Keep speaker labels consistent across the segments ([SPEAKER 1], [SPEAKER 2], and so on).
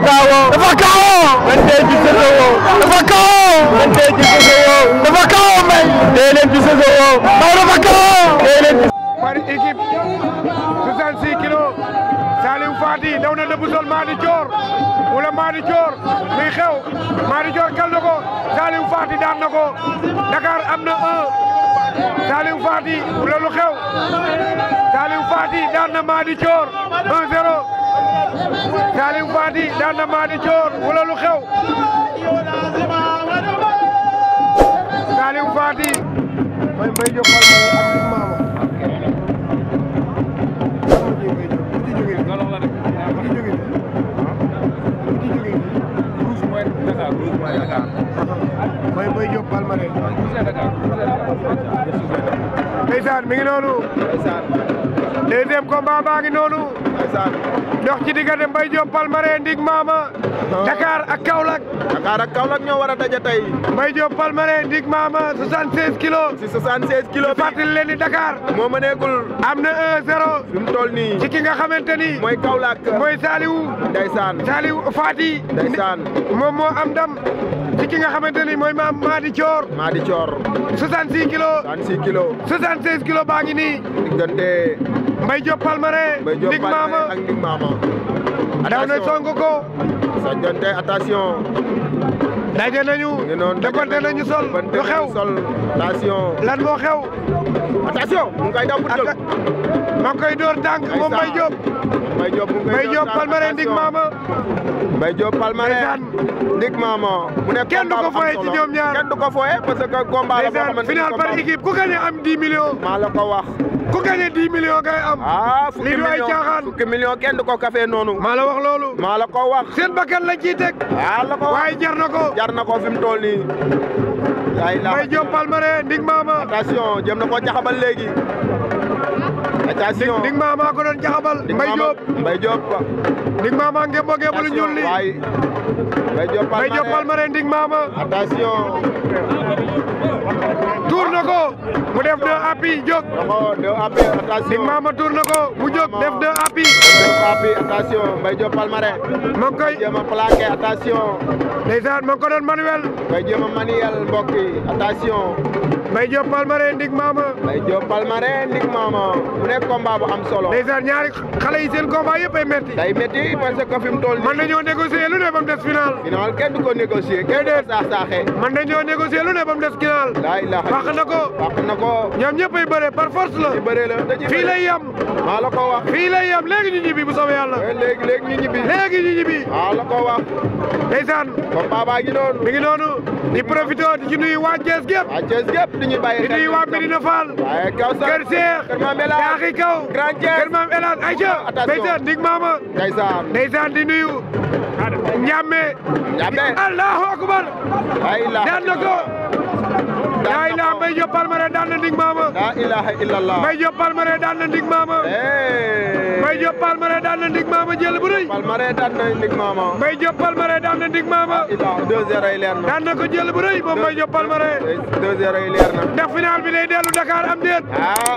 [SPEAKER 1] dafa kaawoo. dafa kaawoo. man dee ci Sese woo. dafa kaawoo. man dee ci Sese woo. dafa kaawoo may. dee leen ci Sese woo. may dafa kaawoo. dee leen ci. par équipe 66 kilos Saliou Fati daw na nëbb sol Madi Dior wala Madi Dior muy xew Madi Dior kal na ko Saliou Fati daan na ko Dakar am na un. Saliou Fati wala lu xew Saliou Fati daan na Madi Dior 1-0 Saliou Fadi daan na Mady Dior wala lu xew Saliou Fadi may may jox mooy mooy Diop Palmarin. ndeysaan mi ngi noonu. ndeysaan. deuxième combat baa ngi noonu. ndeysaan. dox ci diggante Mbaye Diop Palmarin ndig Maama. Dakar ak Kaolack. Dakar ak ñoo war a daje tey. Mbaye Diop Palmarin ndig Maama 76 kilos. si 76 kilos bi fàttali leen ni Dakar. moo mëneekul. am na 1-0. fi mu toll ci ki nga xamante ni. mooy Kaolack. mooy Saliou. ndeysaan Saliou Fati. ndeysaan moom moo am ndam. ci ki nga xamante ni mooy maam Madi Thior. Madi Thior. 66 kilos. 66 kilos. baa ngi nii. diggante. Mbaye Diop Palmarin Mama ak Ndik Mama daw na song ko sajjante attention daje nañu dëkkante nañu sol lu xew attention lan moo xew attention mu ngay daw butal ma koy door tànk moom Mbaye Diop Mbaye Diop Mbaye Mama Mbaye Diop Palmarin Mama mu nekk kenn du ko fooyee ci ñoom ñaar kenn du ko fooyee parce que combat la boo xamante final par équipe ku gagné am 10 millions maa la ko wax ku gagné 10 millions ngay am. Ah, fukki million kenn du ko kafe noonu. maa la wax loolu. maa la ko wax. seen bakkan la ko waaye jar na ko. jar na ko fi mu toll nii. yaay la may Diop Palmarin ko jaxabal léegi. attention ndig ko doon jaxabal. Mbay Diop Mbay Diop. waay Mbay Diop Palmarin Mbay Diop Palmarin na ko mu def deux appuis jóg. Big Mama tuur na ko mu jóg def deux appuis. deux appuis attention Mbaye Diop Palmarin. ma ngi koy jéem a plaqué attention. ndeysaan ma ngi ko doon jéem a manuel mbokk Mbaye Diop Palmarin ndik maama Mbaye Diop Palmarin ndik maama mu nekk combat bu am solo ndeysaan ñaari xale yi seen combat yëpp ay métti day métti parce que fi mu toll man dañoo négocier lu ne ba mu des final final kenn du ko négocier kenn du saax saaxee man dañoo négocier lu ne ba mu des final laa ilaha fàq na ko fàq na ko ñoom ñëpp ay bëre par force la bëre la fii lay yam maa la ko wax fii lay yam léegi ñu ñibbi bu soobee yàlla eh, léegi léegi ñu ñibbi léegi ñu ñibbi maa la ko wax ndeysaan combat baa ngi noonu mi ngi noonu di profité di ci nuyu waa Thiès gépp di ñuy bàyyi di nuyu waa Medina Fall Kër Cheikh Yaaxi Kaw Kër Maam El Hadj Aïcha Beyta Ndig Maama ndeysaan di nuyu ñamme ñamme Allahu akbar daan na laa ilaaha Mbaye Diop Palmarin daan na ndig maama laa ilaaha illallah Mbaye Diop Palmarin daan na ndig maama Mbaye Diop Palmarin daan na ndig maama jël bu rëy Palmarin daan na ndig maama Mbaye Diop Palmarin daan na ndig maama deux heures ay leer na daan na ko jël bu rëy moom Mbaye Diop Palmarin deux heures ay leer na ndax final bi lay dellu Dakar am déet ah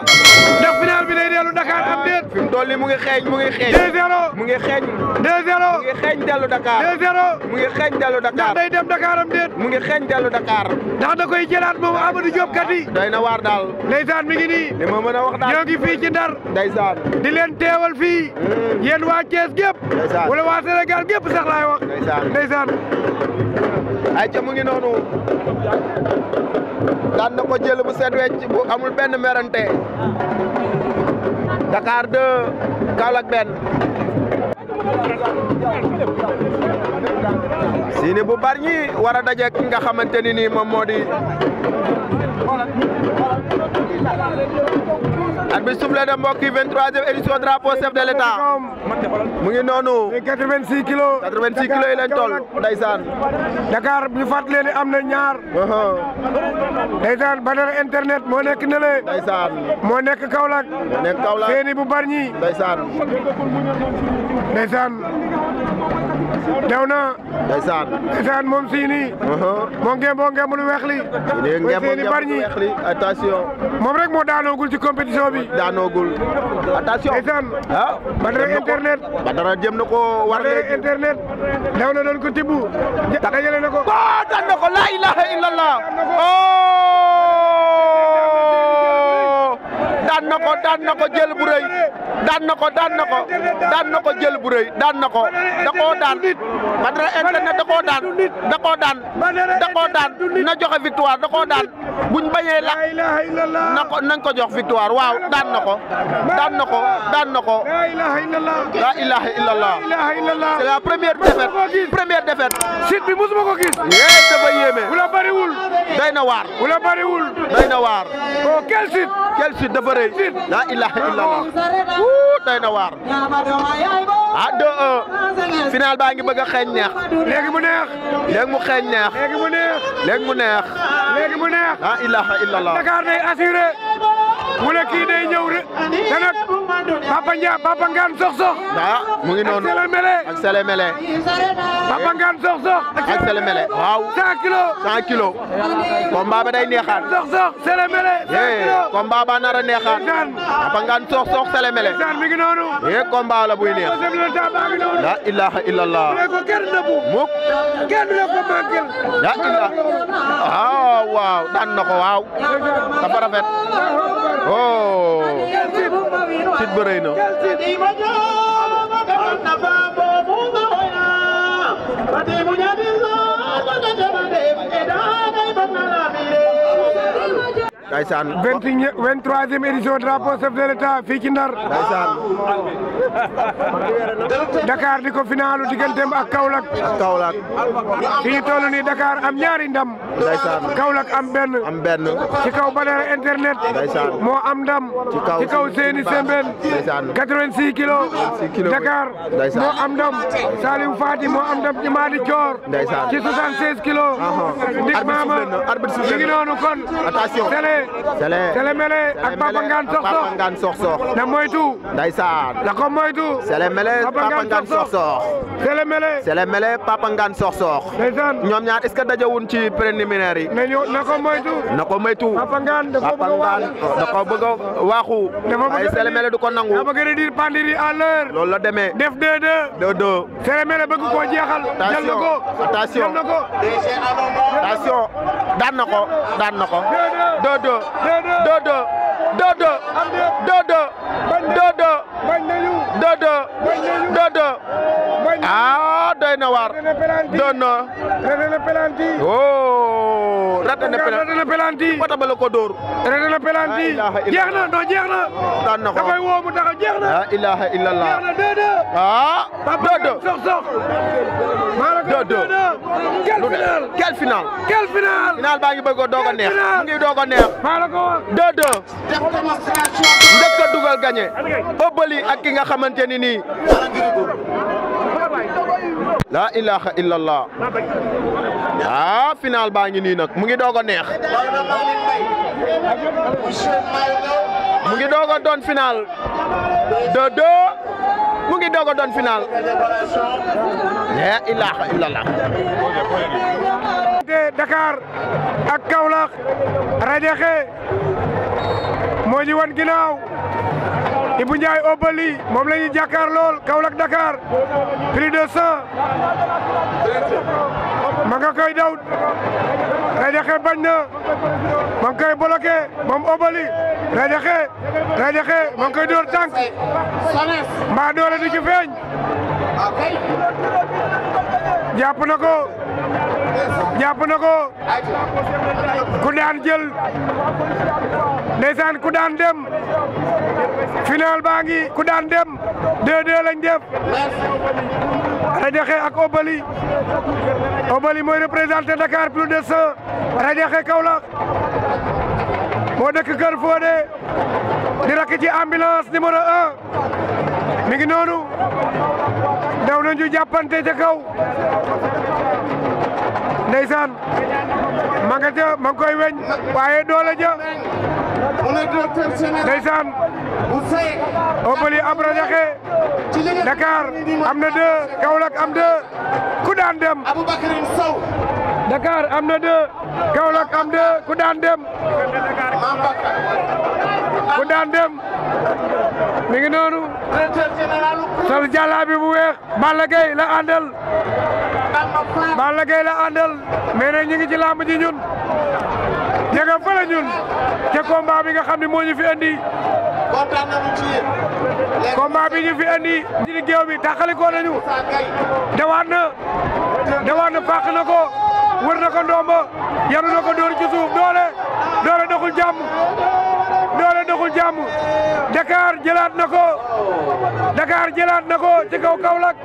[SPEAKER 1] ndax final bi lay dellu Dakar am ah. déet fi mu toll nii mu ngi xeeñ mu ngi xeeñ deux zéro mu ngi xeeñ deux zéro mu ngi xeeñ dellu Dakar deux zéro mu ngi xeeñ dellu Dakar ndax day dem Dakar am déet mu ngi xeeñ dellu Dakar ndax da koy jëlaat moom doomu Amadou Diop Kati. doy na waar daal. ndeysaan mi ngi nii. li wax daal ñoo ngi fii ci Ndar. di leen teewal fii. Hmm. yéen waa Thiès gépp. ndeysaan wala waa Sénégal gépp sax laay wax. ndeysaan ay ca ngi noonu. daan na ko jël bu set bu amul benn merante. Dakar 2 Kaolack benn. Siiny bu Bargny war a daje nga xamante ni nii moom moo di arbitre soufflé na mbokk yi 23e édition drapeau chef de l'État mu ngi noonu. 86 kilos yi lañ toll ndeysaan. Dakar ñu fàttali ne am na ñaar. Uh-huh. ndeysaan Badara internet moo nekk Ndele. ndeysaan moo nekk moo nekk Kaolack seeni bu bari ñi. ndeysaan ndeysaan. dew na ndeysaan ndeysaan moom siini uh-huh. moo ngeen boo ngeen lu weex li mooy seeni bari ñi moom rek moo daanoogul ci compétition bi daanoogul attention ndeysaan Badara internet Badara jëm na ko war léegi internet dew na ko tibbu dajale na ko ko daan na ko la ilaha illallah oh daan na ko daan na ko jël bu rëy daan na ko daan na ko daan na ko jël bu rëy daan na ko da koo daan Badara internet da koo daan da koo daan da koo daan na joxe victoire da koo daan buñ bañee la na ko nañ ko jox victoire waaw daan na ko daan na ko daan na ko la ilaha illallah c'est la première défaite première défaite sit bi musuma ko gis yee dafa yéeme wula bariwul day na waar wula bariwul day na waar oh quel sit quel sit dafa rëy laa ilaaha illallah wuu doy na waar ah uh, 2-1 final baa ngi bëgg a xeeñ neex léegi mu neex léegi mu xeeñ neex léegi mu neex léegi mu neex léegi mu neex laa ilaaha illallah Dakar day assuré mu ne kii day Papa Ndiaye Papa Ngane sox sox. ah mu ngi noonu ak Sele Mele Papa Ngane sox sox. Sele Mele waaw. 100 kilos 100 kilos. combat ba day neexaat. sox sox Sele Mele. 100 kilos combat ba nar a neexaat. Papa sox sox Sele Mele. mi ngi noonu. eh combat la buy neex. la ilaha illallah. mukk. la ilaha ah waaw daan na ko waaw. dafa rafet oh. fit ba rëy na Ndeysaan vingt et un vingt troisième édition drapeau chef de l'État fii ci Ndar. Ndeysaan. Dakar di ko finalu digganteem ak Kaolack. ak Kaolack. fi ñu toll nii Dakar am ñaari ndam. ndeysaan Kaolack am benn am internet ndeysaan moo am ndam ci kaw Seyni Sembène 86 kilos Dakar moo am ndam Saliou Fati moo am ndam ci Madi Dior ci 76 kilos ndik ah, ah. mama arbitre su ngi noonu kon attention télé télé télé mele ak Papa Ngane sox sox Ngane sox sox na moytu ndeysaan na ko moytu télé mele Papa Ngane sox sox télé mele télé mele Papa Ngane sox sox ndeysaan ñoom ñaar est-ce que dajawun ci préliminaire yi. mais ñoo na ko moytu. na ko moytu. Papa Ngane da koo bëgg a waaxu da koo bëgg a waaxu. ay Sélémélé du ko nangu. dafa bëgg a dire Pandor yi à l'heure. loolu la demee. def 2-2. 2-2. Sélémélé bëgg koo jeexal. jël na ko attention jël na ko. attention daan na ko daan na ko. 2-2 2-2 2-2 2-2 2-2 2-2 Dodo, dodo, ah doy na waar doon na na penalty oh raté na penalty raté na penalty wata bala ko dóor raté na penalty jeex na non jeex na daan na ko dafay mu taxaw jeex la ilaha illallah jeex ah dodo, deux sox sox quel final quel final quel final final baa ngi bëgg a doog a neex ngi doog a neex maa la dugal gagné dimbali ak ki nga xamante ni nii ilaha illallah ah final baa ngi nii nag mu ngi doog a neex mu ngi doog don final de deux mu ngi doog a final laa ilaha illallah Dakar ak Kaolack rajaxe moo ñu wan ginnaaw ibu Ndiaye Obali moom la ñuy jàkkaar lool Dakar plus de cent ma nga koy daw Laye Dexe bañ koy bloqué Obali Laye Dexe Laye Dexe ma koy door tànk ci jàpp na ko jàpp na ko ku daan jël ndeysaan ku daan dem final baa ngi ku daan dem 2-2 lañ def Radiakhé ak Obali Obali mooy représenté Dakar plus de 100 Radiakhé Kaolack moo dëkk Kër Fodé di rakk ci ambulance numéro 1 mi ngi noonu. nuñu jappante ca kaw ndaysaan ma nga ca ma lah ngi koy oh, weñ waaye doole ja ndaysaan ëppali abrajaxe dakar am de, deux kawlak am deux ku daan dem dakar am de, deux kawlak am deux ku daan dem ku daan dem mi ngi noonu sol jàllaabi bu weex Balla la andal Balla la andal mais nag ñu ngi ci làmb ji ñun ña ñun combat bi nga ñu fi andi combat bi ñu fi andi ci di géew bi taxalikoo nañu dawaat na dawaat na fàq na wër na ndomba yaru ci suuf doole doole doxul jàmm amul jàmm Dakar jëlaat na ko Dakar jëlaat na ko ci kaw Kaolack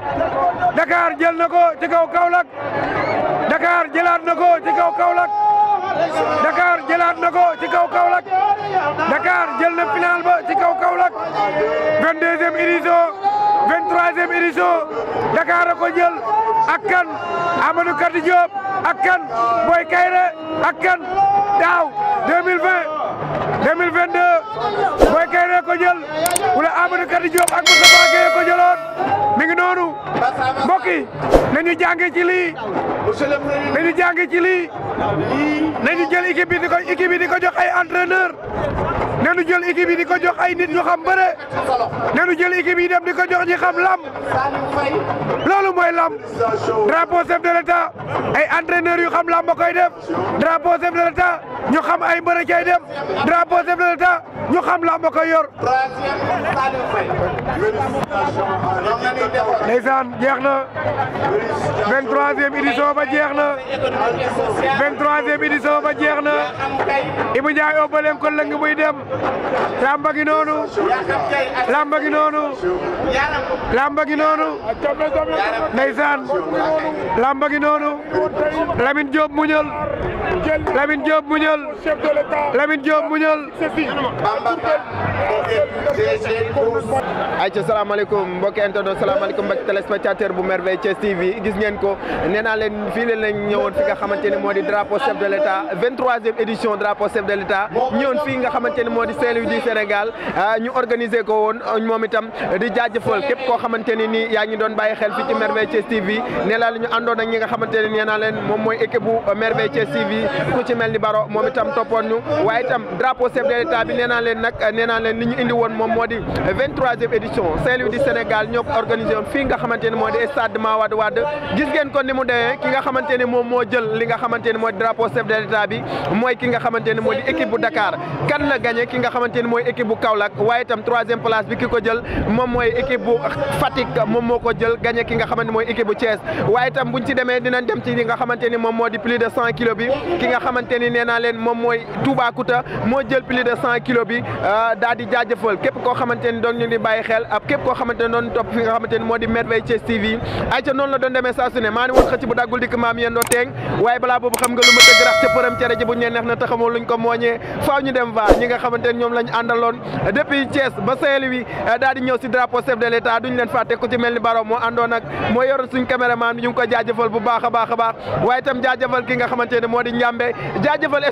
[SPEAKER 1] Dakar jël na ko ci kaw Kaolack jëlaat na ko ci kaw Kaolack jëlaat na ko ci kaw Kaolack Dakar na final ba ci kaw Kaolack 22e édition 23e édition ko jël ak kan Amadou Kati Boy Kayre ak daaw 2022 Boy Kaïré ko jël wala Amadou Kati Diop ak Moustapha Gueye ko jëloon mi ngi noonu mbokk yi nañu jàngee ci lii nañu jàngee ci lii nañu jël équipe bi di ko équipe bi di ko jox ay entraîneur nañu jël équipe yi di ko jox ay nit ñu xam bëre nañu jël équipe yi di ko jox ñi xam lam loolu mooy lam drapeau chef de l'état ay entraîneur yu xam lam ba koy def drapeau ñu xam ay mbër cay dem drapeau chef na l'État ñu xam làmb koy yor. jeex na 23e édition ba jeex na 23e édition ba jeex na Ibou Ndiaye obaleem ko lëng buy dem gi noonu làmba gi noonu làmba gi noonu ndeysaan gi noonu Lamine Diop muñal Lamine Diop muñal l'État. Lamine Diop muñal ay ca salaamaaleykum mbokki internet salaamaaleykum mbokki téléspectateur bu Merveille Thiès TV gis ngeen ko nee naa leen fii leen lañ fi nga xamante ne drapeau chef de l'état 23e édition drapeau chef de l'état ñëwoon fi nga xamante ne Saint-Louis du Sénégal ah, ñu organisé ko woon moom itam di jaajëfal képp ko xamante ni nii yaa doon bàyyi xel ci Merveille TV nee naa la ñu àndoon ak ñi nga xamante ne nee naa équipe bu Merveille TV ku ci mel Baro moom itam toppoon ñu waaye itam drapeau chef de l'état bi nee naa leen nag nee naa leen li ñu indi woon moom moo di vingt-troisième édition Saint-Louis Sénégal ñoo ko fii nga xamante moo di stade Mawade Wade gis ngeen kon ni mu demee ki nga xamante ne moom moo jël di équipe bu Dakar kan la gagné ki nga xamante mooy équipe bu Kaolack waaye itam troisième place bi ki ko jël moom mooy équipe bu Fatick moom moo ko jël gagné ki nga xamante moom moo di plus de cent ne moom mooy Toubacouta moo jël plus de cent kilos bi euh, daal di képp koo xamante doon ñu bàyyi xel képp koo xamante doon topp fi nga xamante moo di Merveille Thiès TV ay ca noonu la doon demee saa su ne xëcc bu daggul dikk maam yendoo teeng waaye balaa boobu xam nga lu ma dëgg rax ca përëm cere ji bu ñu na te luñ ko mooñee faaw ñu dem va ñi nga xamante ñoom lañ àndaloon depuis Thiès ba Saint-Louis euh, ñëw si drapeau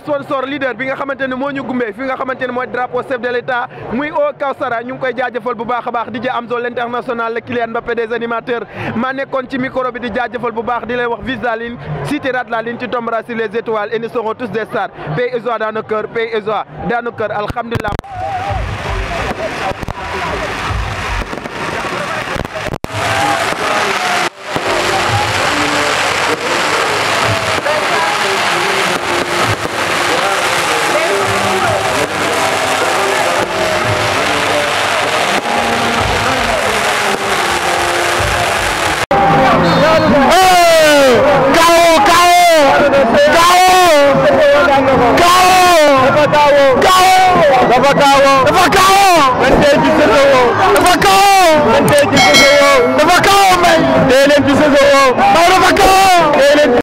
[SPEAKER 1] chef a kon sponsor leader bi nga xamante ne moo ñu gumbee fi nga xamante ne mooy drapeau chef de l'état muy au Kawsara ñu ngi koy jaajëfal bu baax a baax di DJ Amzo l'international le Kylian Mbappé des animateurs maa nekkoon ci micro bi di jaajëfal bu baax di lay wax vise la ligne si tu rates la ligne tu tomberas sur les étoiles et nous serons tous des stars paix et joie dans nos cœurs paix et joie